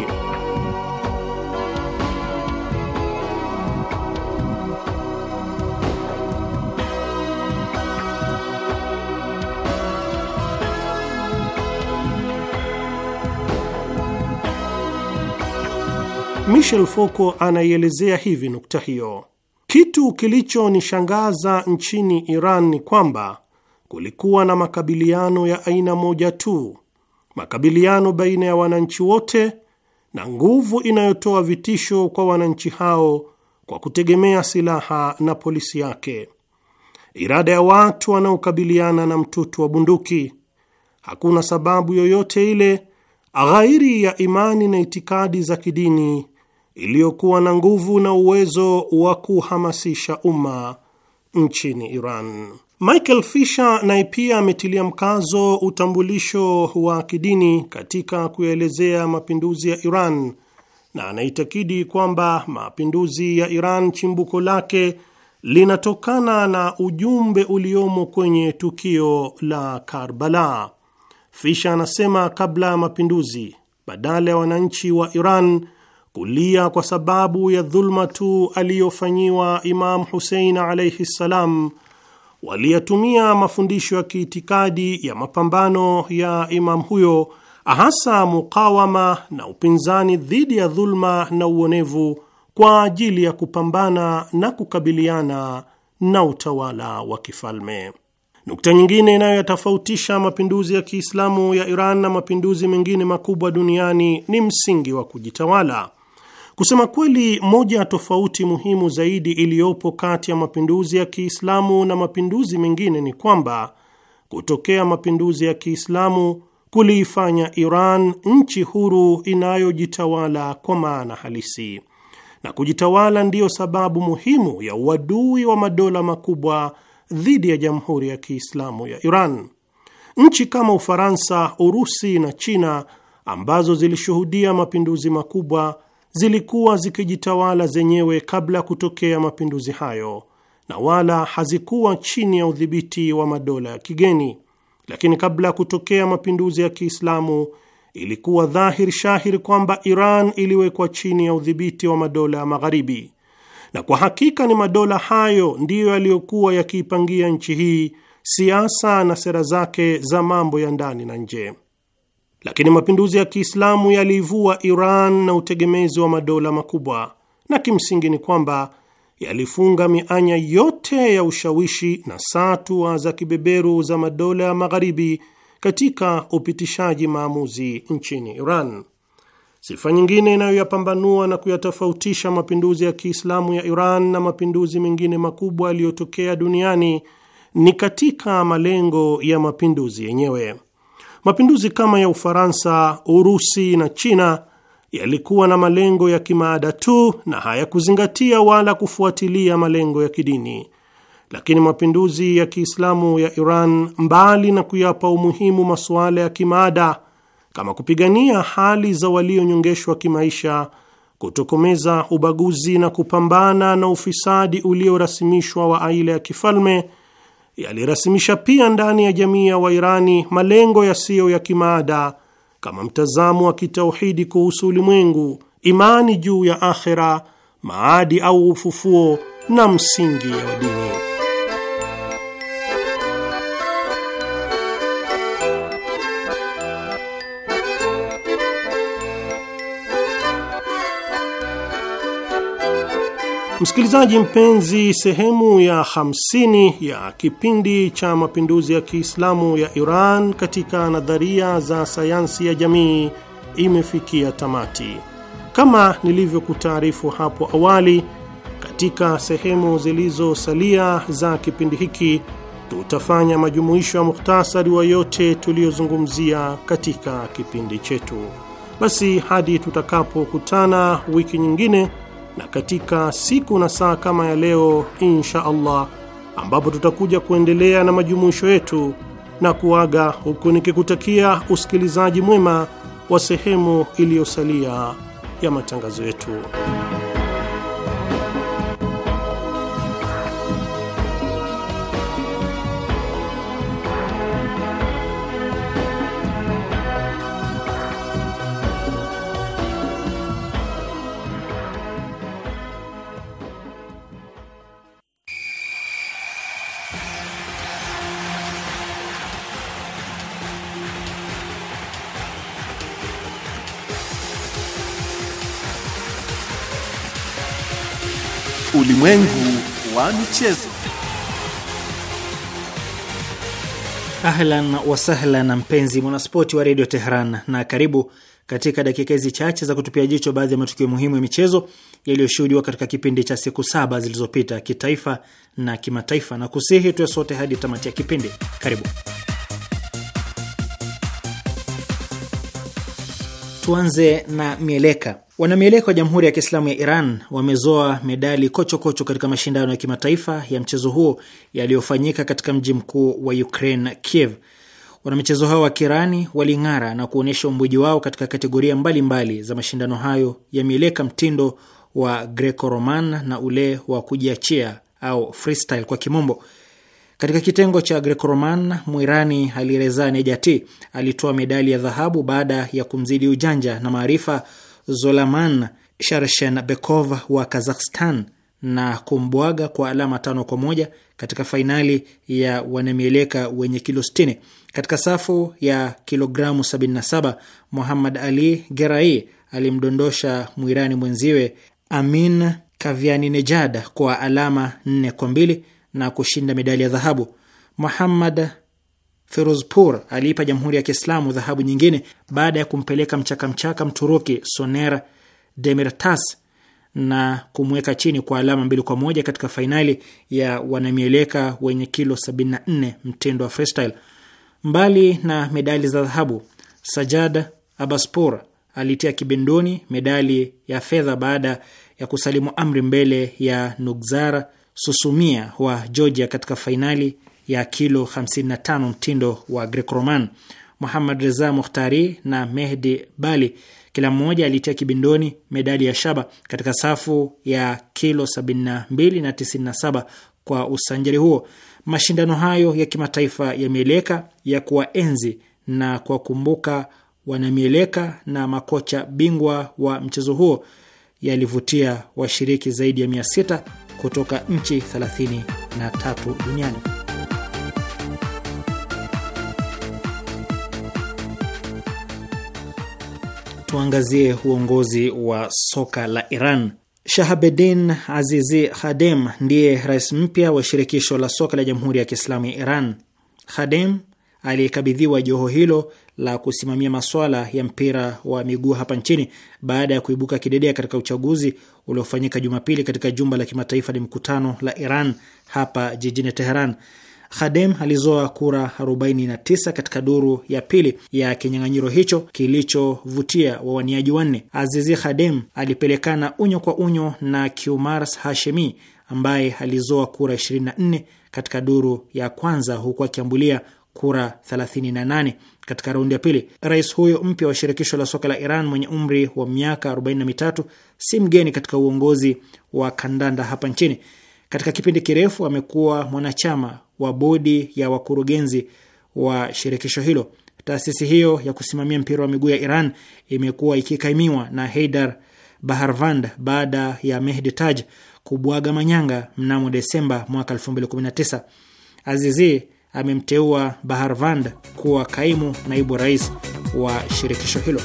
Michel Foucault anaielezea hivi nukta hiyo: kitu kilichonishangaza nchini Iran ni kwamba kulikuwa na makabiliano ya aina moja tu makabiliano baina ya wananchi wote na nguvu inayotoa vitisho kwa wananchi hao kwa kutegemea silaha na polisi yake, irada ya watu wanaokabiliana na mtutu wa bunduki. Hakuna sababu yoyote ile ghairi ya imani na itikadi za kidini iliyokuwa na nguvu na uwezo wa kuhamasisha umma nchini Iran. Michael Fisher naye pia ametilia mkazo utambulisho wa kidini katika kuelezea mapinduzi ya Iran na anaitakidi kwamba mapinduzi ya Iran chimbuko lake linatokana na ujumbe uliomo kwenye tukio la Karbala. Fisher anasema, kabla ya mapinduzi, badala ya wananchi wa Iran kulia kwa sababu ya dhulma tu aliyofanyiwa Imam Husein alaihi ssalam waliyatumia mafundisho ya kiitikadi ya mapambano ya imamu huyo, hasa mukawama na upinzani dhidi ya dhulma na uonevu kwa ajili ya kupambana na kukabiliana na utawala wa kifalme. Nukta nyingine inayoyatofautisha mapinduzi ya Kiislamu ya Iran na mapinduzi mengine makubwa duniani ni msingi wa kujitawala. Kusema kweli, moja ya tofauti muhimu zaidi iliyopo kati ya mapinduzi ya Kiislamu na mapinduzi mengine ni kwamba kutokea mapinduzi ya Kiislamu kuliifanya Iran nchi huru inayojitawala kwa maana halisi, na kujitawala ndiyo sababu muhimu ya uadui wa madola makubwa dhidi ya Jamhuri ya Kiislamu ya Iran. Nchi kama Ufaransa, Urusi na China ambazo zilishuhudia mapinduzi makubwa zilikuwa zikijitawala zenyewe kabla ya kutokea mapinduzi hayo na wala hazikuwa chini ya udhibiti wa madola ya kigeni, lakini kabla ya kutokea mapinduzi ya Kiislamu ilikuwa dhahir shahir kwamba Iran iliwekwa chini ya udhibiti wa madola ya Magharibi, na kwa hakika ni madola hayo ndiyo yaliyokuwa yakiipangia nchi hii siasa na sera zake za mambo ya ndani na nje lakini mapinduzi ya Kiislamu yaliivua Iran na utegemezi wa madola makubwa, na kimsingi ni kwamba yalifunga mianya yote ya ushawishi na satwa za kibeberu za madola ya Magharibi katika upitishaji maamuzi nchini Iran. Sifa nyingine inayoyapambanua na kuyatofautisha mapinduzi ya Kiislamu ya Iran na mapinduzi mengine makubwa yaliyotokea duniani ni katika malengo ya mapinduzi yenyewe. Mapinduzi kama ya Ufaransa, Urusi na China yalikuwa na malengo ya kimaada tu na hayakuzingatia wala kufuatilia malengo ya kidini. Lakini mapinduzi ya Kiislamu ya Iran, mbali na kuyapa umuhimu masuala ya kimaada kama kupigania hali za walionyongeshwa kimaisha, kutokomeza ubaguzi na kupambana na ufisadi uliorasimishwa wa aila ya kifalme yalirasimisha pia ndani ya jamii ya Wairani malengo yasiyo ya kimaada kama mtazamo wa kitauhidi kuhusu ulimwengu, imani juu ya akhera, maadi au ufufuo na msingi wa dini. Msikilizaji mpenzi, sehemu ya 50 ya kipindi cha mapinduzi ya Kiislamu ya Iran katika nadharia za sayansi ya jamii imefikia tamati. Kama nilivyokutaarifu hapo awali, katika sehemu zilizosalia za kipindi hiki tutafanya majumuisho ya muhtasari wa yote tuliyozungumzia katika kipindi chetu. Basi hadi tutakapokutana wiki nyingine na katika siku na saa kama ya leo insha Allah, ambapo tutakuja kuendelea na majumuisho yetu na kuaga huku nikikutakia usikilizaji mwema wa sehemu iliyosalia ya matangazo yetu. Ulimwengu wa michezo. Ahlan wasahlan, mpenzi mwanaspoti wa redio Tehran, na karibu katika dakika hizi chache za kutupia jicho baadhi ya matukio muhimu ya michezo yaliyoshuhudiwa katika kipindi cha siku saba zilizopita kitaifa na kimataifa, na kusihi tuwe sote hadi tamati ya kipindi. Karibu. Tuanze na mieleka. Wanamieleka wa Jamhuri ya Kiislamu ya Iran wamezoa medali kochokocho kocho katika mashindano ya kimataifa ya mchezo huo yaliyofanyika katika mji mkuu wa Ukraine, Kiev. Wanamichezo hao wa Kirani waling'ara na kuonyesha umbuji wao katika kategoria mbalimbali mbali za mashindano hayo ya mieleka mtindo wa Greco-Roman na ule wa kujiachia au freestyle kwa kimombo. Katika kitengo cha Greco-Roman, Mwirani Alireza Nejati alitoa medali ya dhahabu baada ya kumzidi ujanja na maarifa Zolaman Sharshenbekov wa Kazakhstan na kumbwaga kwa alama tano kwa moja katika fainali ya wanamieleka wenye kilo 60. Katika safu ya kilogramu 77, Muhammad Ali Gerai alimdondosha Mwirani mwenziwe Amin Kaviani Nejad kwa alama 4 kwa mbili na kushinda medali ya dhahabu. Muhammad Ferozpur aliipa Jamhuri ya Kiislamu dhahabu nyingine baada ya kumpeleka mchakamchaka Mturuki Soner Demirtas na kumweka chini kwa alama mbili kwa moja katika fainali ya wanamieleka wenye kilo 74 mtindo wa freestyle. Mbali na medali za dhahabu, Sajad Abaspor alitia kibindoni medali ya fedha baada ya kusalimu amri mbele ya Nugzara Susumia wa Georgia katika fainali ya kilo 55 mtindo wa Greco-Roman. Muhammad Reza Mukhtari na Mehdi Bali kila mmoja alitia kibindoni medali ya shaba katika safu ya kilo 72 na 97 kwa usanjari huo. Mashindano hayo ya kimataifa ya mieleka ya kuwaenzi na kuwakumbuka wanamieleka na makocha bingwa wa mchezo huo yalivutia washiriki zaidi ya 600 kutoka nchi 33 duniani. Tuangazie uongozi wa soka la Iran. Shahabedin Azizi Khadem ndiye rais mpya wa shirikisho la soka la Jamhuri ya Kiislamu ya Iran. Khadem aliyekabidhiwa joho hilo la kusimamia maswala ya mpira wa miguu hapa nchini baada ya kuibuka kidedea katika uchaguzi uliofanyika Jumapili katika jumba la kimataifa la mkutano la Iran hapa jijini Teheran. Khadem alizoa kura 49 katika duru ya pili ya kinyang'anyiro hicho kilichovutia wawaniaji wanne. Azizi Khadem alipelekana unyo kwa unyo na Kiumars Hashemi ambaye alizoa kura 24 katika duru ya kwanza huku akiambulia kura 38 katika raundi ya pili. Rais huyo mpya wa shirikisho la soka la Iran mwenye umri wa miaka 43 si mgeni katika uongozi wa kandanda hapa nchini. Katika kipindi kirefu amekuwa mwanachama wa bodi ya wakurugenzi wa shirikisho hilo. Taasisi hiyo ya kusimamia mpira wa miguu ya Iran imekuwa ikikaimiwa na Heidar Baharvand baada ya Mehdi Taj kubwaga manyanga mnamo Desemba mwaka 2019. Azizi amemteua Baharvand kuwa kaimu naibu rais wa shirikisho hilo.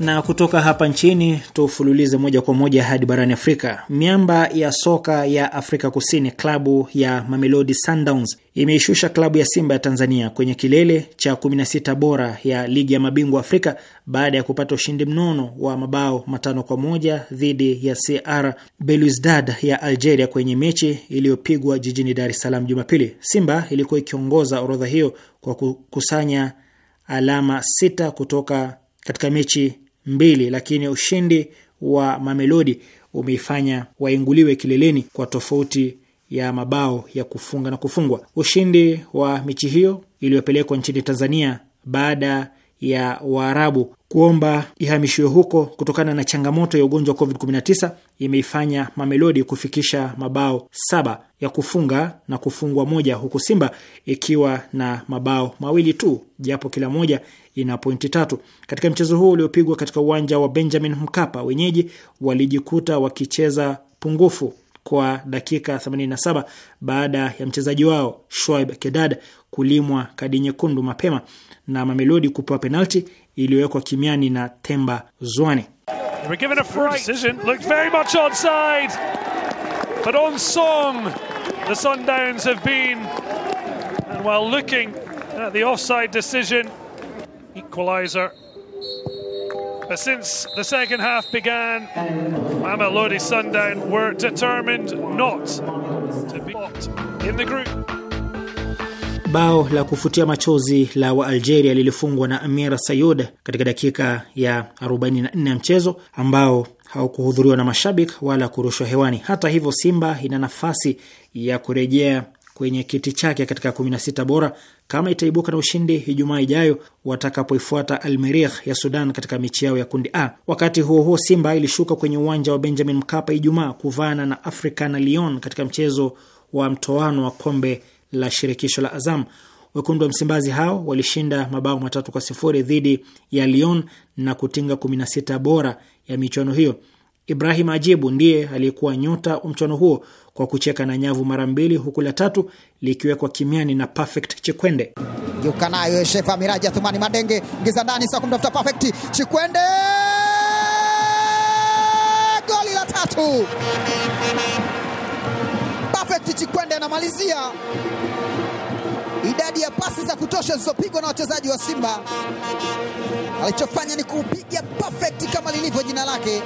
Na kutoka hapa nchini tufululize moja kwa moja hadi barani Afrika. Miamba ya soka ya Afrika Kusini, klabu ya Mamelodi Sundowns imeishusha klabu ya Simba ya Tanzania kwenye kilele cha 16 bora ya ligi ya mabingwa Afrika baada ya kupata ushindi mnono wa mabao matano kwa moja dhidi ya CR Belouizdad ya Algeria kwenye mechi iliyopigwa jijini Dar es Salaam Jumapili. Simba ilikuwa ikiongoza orodha hiyo kwa kukusanya alama sita kutoka katika mechi mbili, lakini ushindi wa Mamelodi umeifanya wainguliwe kileleni kwa tofauti ya mabao ya kufunga na kufungwa. Ushindi wa michi hiyo iliyopelekwa nchini Tanzania baada ya Waarabu kuomba ihamishiwe huko kutokana na changamoto ya ugonjwa wa COVID-19 imeifanya Mamelodi kufikisha mabao saba ya kufunga na kufungwa moja, huku Simba ikiwa na mabao mawili tu, japo kila moja ina pointi tatu. Katika mchezo huo uliopigwa katika uwanja wa Benjamin Mkapa, wenyeji walijikuta wakicheza pungufu kwa dakika 87 baada ya mchezaji wao Shoaib Kedad kulimwa kadi nyekundu mapema na Mamelodi kupewa penalti iliyowekwa kimiani na Temba Zwane. The Sundowns have been and while looking at the offside decision equaliser. But since the second half began, Mamelodi Sundown were determined not to be caught in the group. Bao la kufutia machozi la wa Algeria lilifungwa na Amira Sayoud katika dakika ya 44 ya mchezo ambao haukuhudhuriwa na mashabiki wala kurushwa hewani. Hata hivyo, Simba ina nafasi ya kurejea kwenye kiti chake katika 16 bora kama itaibuka na ushindi Ijumaa ijayo watakapoifuata Almerih ya Sudan katika michi yao ya kundi A. Wakati huo huo, Simba ilishuka kwenye uwanja wa Benjamin Mkapa Ijumaa kuvaana na Africa na Lyon katika mchezo wa mtoano wa kombe la shirikisho la Azam. Wekundu wa Msimbazi hao walishinda mabao matatu kwa sifuri dhidi ya Lyon na kutinga 16 bora ya michuano hiyo. Ibrahim Ajibu ndiye aliyekuwa nyota wa mchuano huo kwa kucheka na nyavu mara mbili, huku la tatu likiwekwa kimiani na Perfect Chikwende. juka nayo Shefa Miraji Athumani Madenge, ngiza ndani sa kumtafuta Perfect Chikwende, goli la tatu. Perfect Chikwende anamalizia idadi ya pasi za kutosha zilizopigwa na wachezaji wa Simba. Alichofanya ni kupiga perfect kama lilivyo jina lake.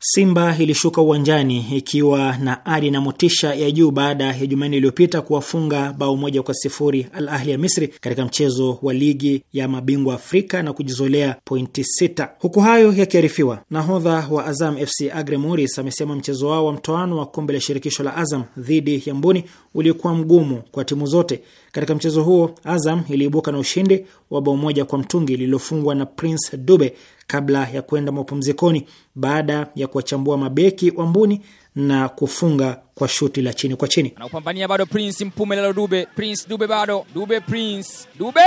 Simba ilishuka uwanjani ikiwa na ari na motisha ya juu baada ya Jumanne iliyopita kuwafunga bao moja kwa sifuri Al Ahli ya Misri katika mchezo wa ligi ya mabingwa Afrika na kujizolea pointi sita. Huku hayo yakiarifiwa, nahodha wa Azam FC Agre Moris amesema mchezo wao wa mtoano wa kombe la shirikisho la Azam dhidi ya Mbuni uliokuwa mgumu kwa timu zote. Katika mchezo huo, Azam iliibuka na ushindi wa bao moja kwa mtungi lililofungwa na Prince Dube kabla ya kwenda mapumzikoni baada ya kuwachambua mabeki wa Mbuni na kufunga kwa shuti la chini kwa chini. Anaupambania bado Prince Mpumelelo Dube, Prince Dube bado Dube, Prince Dube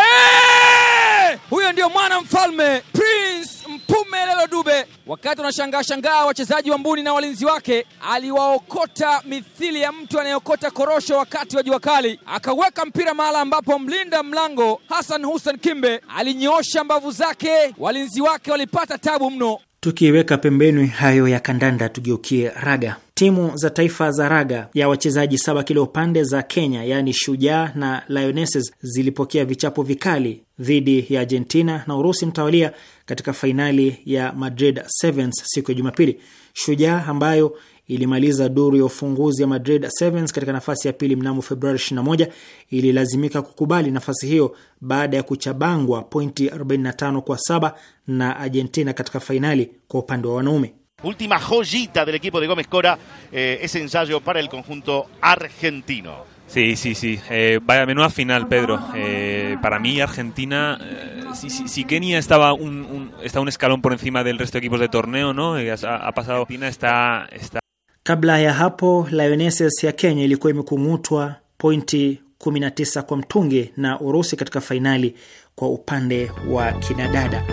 huyo ndio mwana mfalme Prince Mpume Lelo Dube. Wakati wanashangaa shangaa wachezaji wa Mbuni na walinzi wake, aliwaokota mithili ya mtu anayeokota korosho wakati wa jua kali, akaweka mpira mahala ambapo mlinda mlango Hassan Hussein Kimbe alinyoosha mbavu zake. Walinzi wake walipata tabu mno. Tukiweka pembeni hayo ya kandanda, tugeukie raga. Timu za taifa za raga ya wachezaji saba kila upande za Kenya, yaani Shujaa na Lionesses zilipokea vichapo vikali dhidi ya Argentina na Urusi mtawalia katika fainali ya Madrid Sevens siku ya Jumapili. Shujaa ambayo ilimaliza duru ya ufunguzi ya Madrid Sevens katika nafasi ya pili mnamo Februari 21 ililazimika kukubali nafasi hiyo baada ya kuchabangwa pointi 45 kwa saba na Argentina katika fainali kwa upande wa wanaume. última joyita del equipo de Gómez Cora, eh, ese ensayo para el conjunto argentino. Sí, sí, sí. Eh, vaya menuda final, Pedro. Eh, para mí, Argentina, eh, si, Kenia estaba un, está un escalón por encima del resto de equipos de torneo, ¿no? Eh, ha, ha pasado. Argentina está, está. Kabla ya hapo Lionesses ya Kenya ilikuwa imekung'utwa pointi 19 kwa mtungi na Urusi katika fainali kwa upande wa kinadada.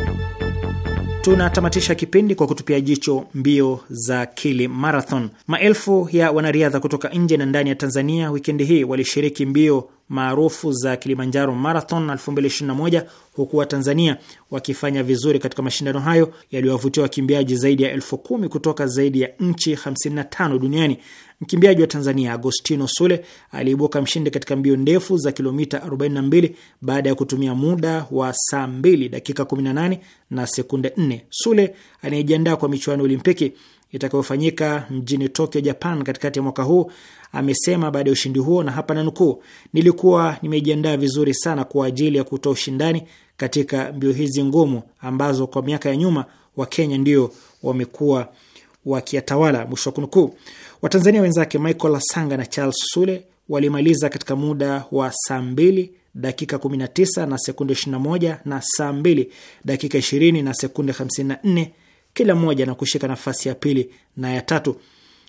Tunatamatisha kipindi kwa kutupia jicho mbio za Kili Marathon. Maelfu ya wanariadha kutoka nje na ndani ya Tanzania wikendi hii walishiriki mbio maarufu za Kilimanjaro Marathon 2021 huku Watanzania wakifanya vizuri katika mashindano hayo yaliyowavutia wakimbiaji zaidi ya elfu kumi kutoka zaidi ya nchi 55 duniani. Mkimbiaji wa Tanzania Agostino Sule aliibuka mshindi katika mbio ndefu za kilomita 42 baada ya kutumia muda wa saa 2 dakika 18 na sekunde 4. Sule anayejiandaa kwa michuano ya Olimpiki itakayofanyika mjini Tokyo, Japan, katikati ya mwaka huu amesema baada ya ushindi huo, na hapa nanukuu, nilikuwa nimejiandaa vizuri sana kwa ajili ya kutoa ushindani katika mbio hizi ngumu ambazo kwa miaka ya nyuma Wakenya ndio wamekuwa wakiyatawala, mwisho wa kunukuu. Watanzania wenzake Michael Asanga na Charles Sule walimaliza katika muda wa saa 2 dakika 19 na sekunde 21 na saa 2 dakika 20 na sekunde 54 kila mmoja na kushika nafasi ya pili na ya tatu.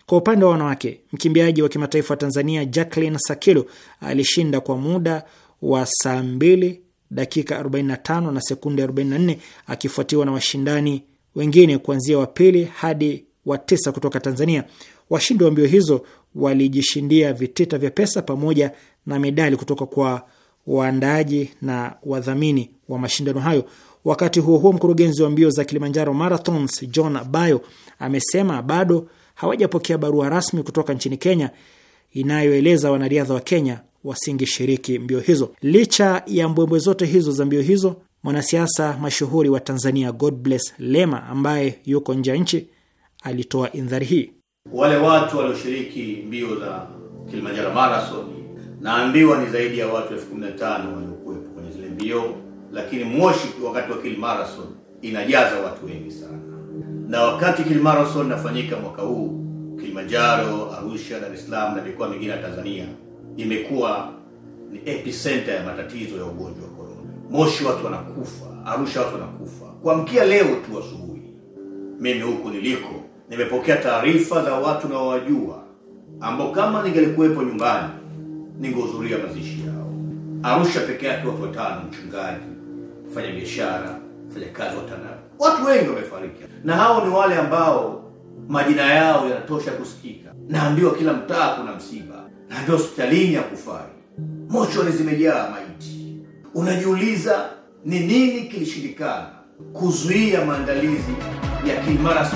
Kwa upande wa wanawake, mkimbiaji wa kimataifa wa Tanzania Jacqueline Sakilo alishinda kwa muda wa saa 2 dakika 45 na sekunde 44 akifuatiwa na washindani wengine kuanzia wa pili hadi wa tisa kutoka Tanzania. Washindi wa mbio hizo walijishindia vitita vya pesa pamoja na medali kutoka kwa waandaaji na wadhamini wa mashindano hayo. Wakati huo huo, mkurugenzi wa mbio za Kilimanjaro Marathons John Bayo amesema bado hawajapokea barua rasmi kutoka nchini Kenya inayoeleza wanariadha wa Kenya wasingeshiriki mbio hizo. Licha ya mbwembwe zote hizo za mbio hizo, mwanasiasa mashuhuri wa Tanzania Godbless Lema ambaye yuko nje ya nchi alitoa indhari hii. Wale watu walioshiriki mbio za Kilimanjaro Marathon naambiwa ni zaidi ya watu elfu kumi na tano waliokuwepo kwenye zile mbio, lakini Moshi wakati wa Kilimarathon inajaza watu wengi sana, na wakati Kilimarathon inafanyika mwaka huu Kilimanjaro, Arusha, Dar es Salaam na mikoa mingine ya Tanzania imekuwa ni epicenter ya matatizo ya ugonjwa wa corona. Moshi watu wanakufa, Arusha watu wanakufa. Kuamkia leo tu asubuhi, mimi huku niliko nimepokea taarifa za watu na wajua ambao kama ningelikuwepo nyumbani ningehudhuria mazishi yao. Arusha peke yake watu watano, mchungaji, mfanya biashara, kazi wa TANAPI, watu wengi wamefariki, na hao ni wale ambao majina yao yanatosha kusikika. Naambiwa kila mtaa kuna msiba, naambiwa hospitalini ya kufai, mochwari zimejaa maiti. Unajiuliza ni nini kilishindikana kuzuia maandalizi ya Kimara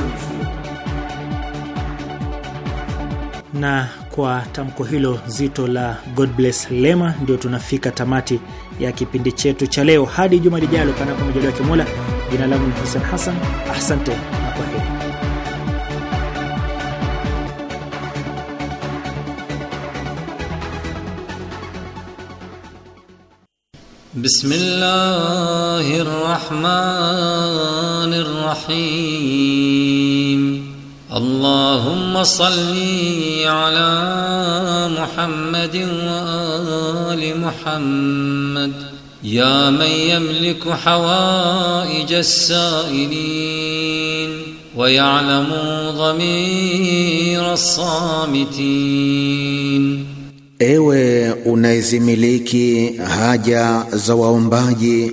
na kwa tamko hilo zito la God bless Lema, ndio tunafika tamati ya kipindi chetu cha leo. Hadi juma lijalo, panapo majaliwa Kimola. Jina langu ni Hussein Hassan, asante na kwa heri. Bismillahir Rahmanir Rahim اللهم صل على محمد وآل محمد يا من يملك حوائج السائلين ويعلم ضمير الصامتين ewe unayezimiliki haja za waombaji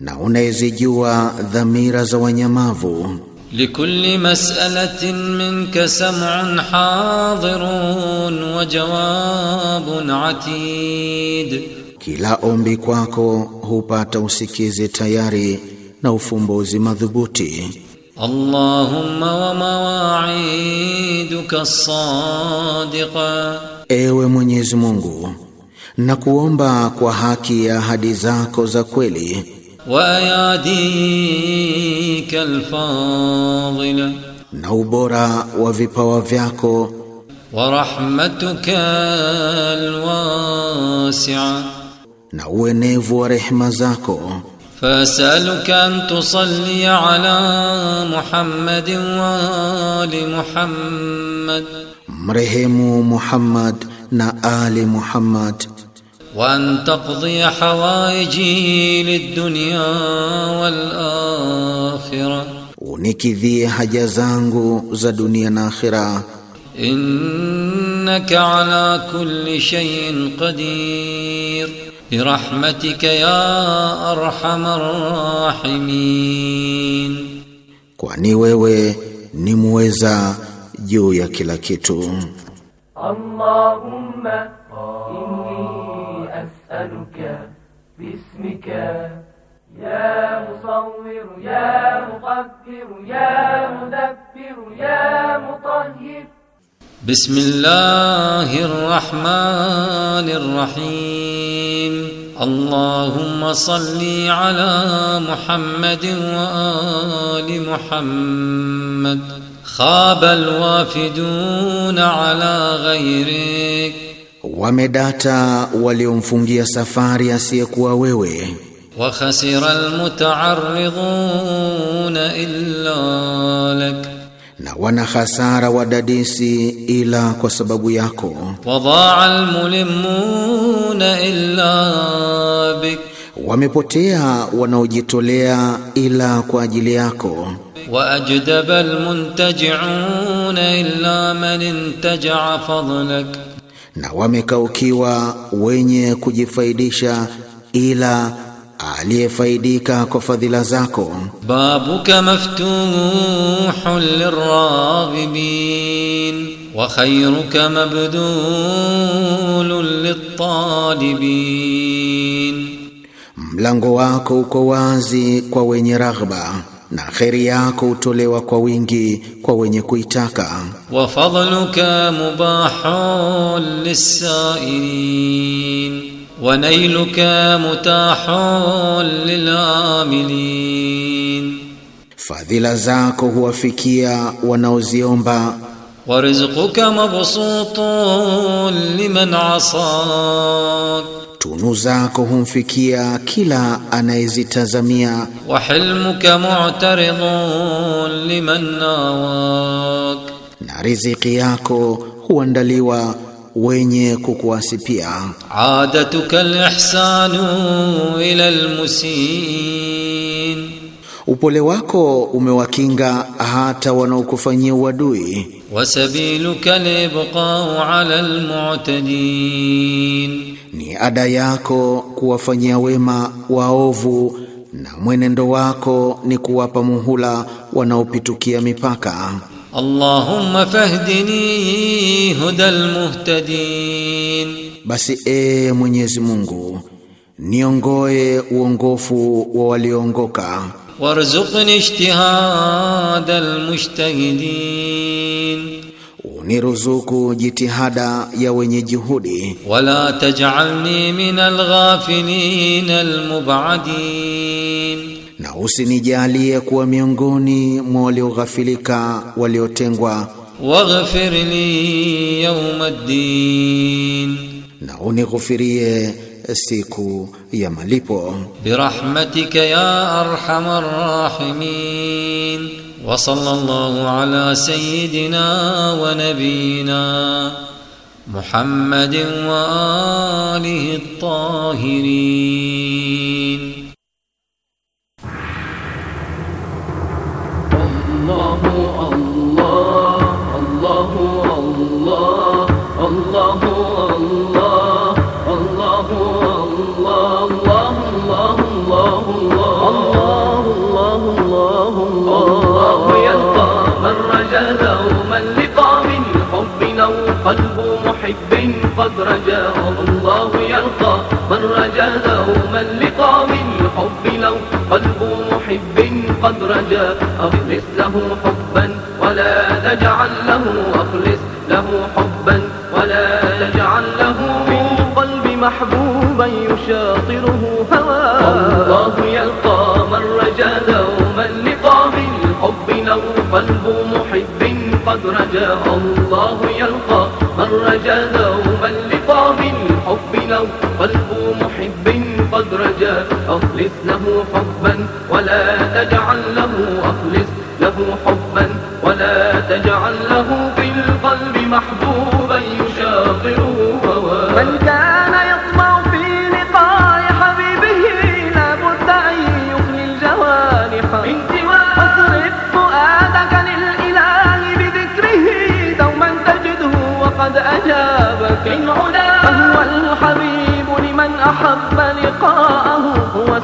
na unayezijua dhamira za wanyamavu لكل مسألة منك سمع حاضر وجواب عتيد kila ombi kwako hupata usikizi tayari na نوفمبوزي مذبوتي اللهم ومواعيدك mawaiduka Ewe Mwenyezi Mungu nakuomba kwa haki ya ahadi zako za kweli وأياديك الفاضلة نوبرا ubora ورحمتك الواسعة نوينيف ورحمة زاكو فاسالك ان تصلي على محمد وال محمد مرهم محمد نآل محمد وأن تقضي حوائجي للدنيا والآخرة unikidhie haja zangu za dunia na akhira innaka ala kulli shay'in qadir birahmatika ya arhamar rahimin kwani wewe ni muweza juu ya kila kitu Allahumma باسمك يا مصور يا مقدر يا مدبر يا مطهر بسم الله الرحمن الرحيم اللهم صل على محمد وآل محمد خاب الوافدون على غيرك Wamedata waliomfungia safari asiyekuwa wewe. Wa khasira almuta'arriduna illa lak, na wana hasara wadadisi ila kwa sababu yako. Wadaa almulimun illa bik, wamepotea wanaojitolea ila kwa ajili yako. Wa ajdaba almuntaji'una illa man intaja fadlak na wamekaukiwa wenye kujifaidisha ila aliyefaidika kwa fadhila zako. babuka maftuhun liraghibin wa khayruka mabdulun litalibin, mlango wako uko wazi kwa wenye raghba na kheri yako hutolewa kwa wingi kwa wenye kuitaka. wa fadluka mubahun lisailin wa nailuka mutahun lilamilin, fadhila zako huwafikia wanaoziomba. wa rizquka mabsutun liman asat tunu zako humfikia kila anayezitazamia. wa hilmuka mu'taridun liman nawak, na riziki yako huandaliwa wenye kukuasipia. adatuka alihsanu ila almusin Upole wako umewakinga hata wanaokufanyia uadui. Wasabiluka libqau ala almu'tadin, ni ada yako kuwafanyia wema waovu na mwenendo wako ni kuwapa muhula wanaopitukia mipaka. Allahumma fahdini hudal muhtadin, basi ee Mwenyezi Mungu niongoe uongofu wa walioongoka warzuqni ijtihada almujtahidin uniruzuku jitihada ya wenye juhudi wala taj'alni min alghafilin almub'adin na usinijalie kuwa miongoni mwa walioghafilika waliotengwa waghfir li yawm ad-din na unighufirie سيكو يماليبو برحمتك يا أرحم الراحمين وصلى الله على سيدنا ونبينا محمد وآله الطاهرين الله الله الله رجاه الله يلقى من رجا دوما لقاء حب لو قلب محب قد رجا أخلص له حبا ولا تجعل له أخلص له حبا ولا تجعل له من قلب محبوبا يشاطره هوى الله يلقى من رجا دوما لقاء حب لو قلب محب قد رجا الله يلقى من رجا دوما أخلص له حبا ولا تجعل له أخلص له حبا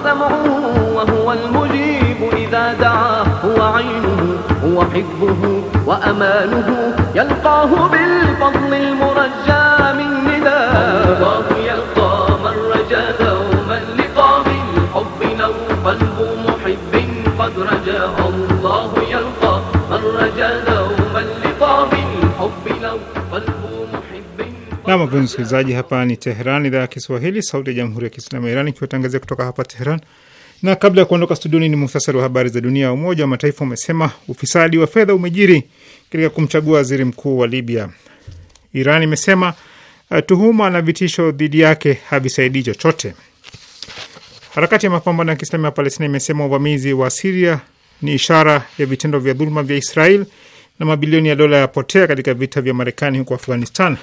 سمعه وهو المجيب إذا دعا هو عينه هو حبه وأمانه يلقاه بالفضل wapenzi msikilizaji, hapa ni Teheran, idhaa ya Kiswahili, sauti ya jamhuri ya kiislamu ya Iran ikiwatangazia kutoka hapa Teheran. Na kabla ya kuondoka studioni, ni muhtasari wa habari za dunia. Umoja wa Mataifa umesema ufisadi wa fedha umejiri katika kumchagua waziri mkuu wa Libya. Iran imesema uh, tuhuma na vitisho dhidi yake havisaidii chochote. Harakati ya mapambano ya kiislamu ya Palestina imesema uvamizi wa Siria ni ishara ya vitendo vya dhuluma vya Israel na mabilioni ya dola yapotea katika vita vya Marekani huko Afghanistan.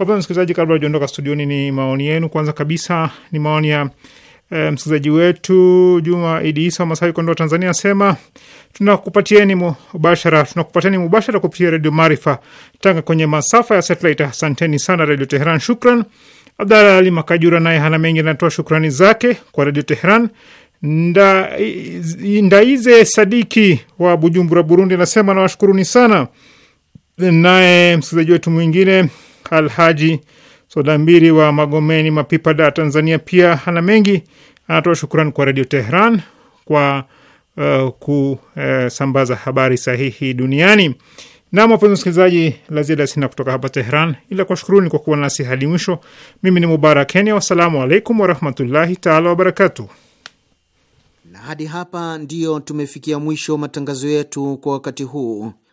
Wapenzi msikilizaji, kabla hujaondoka studioni, ni maoni yenu. Kwanza kabisa ni maoni ya e, msikilizaji wetu Juma Idi Isa Masawi, Kondoa, Tanzania, asema tunakupatieni mubashara, tunakupatieni mubashara kupitia Redio Maarifa Tanga kwenye masafa ya satellite. Asanteni sana Redio Teheran, shukran. Abdalla Ali Makajura naye hana mengi, anatoa shukrani zake kwa Redio Teheran. Nda, Ndaize Sadiki wa Bujumbura, Burundi, anasema nawashukuruni sana. Naye msikilizaji wetu mwingine Alhaji Sodambiri wa Magomeni, Mapipa da Tanzania, pia ana mengi anatoa shukrani kwa Redio Tehran kwa uh, eh, kusambaza eh, uh, habari sahihi duniani. Nam, wapenzi msikilizaji, la ziada sina kutoka hapa Tehran ila kuwashukuruni kwa kuwa nasi hadi mwisho. Mimi ni Mubarak Kenya, wassalamu alaikum warahmatullahi taala wabarakatu. Na hadi hapa ndiyo tumefikia mwisho matangazo yetu kwa wakati huu.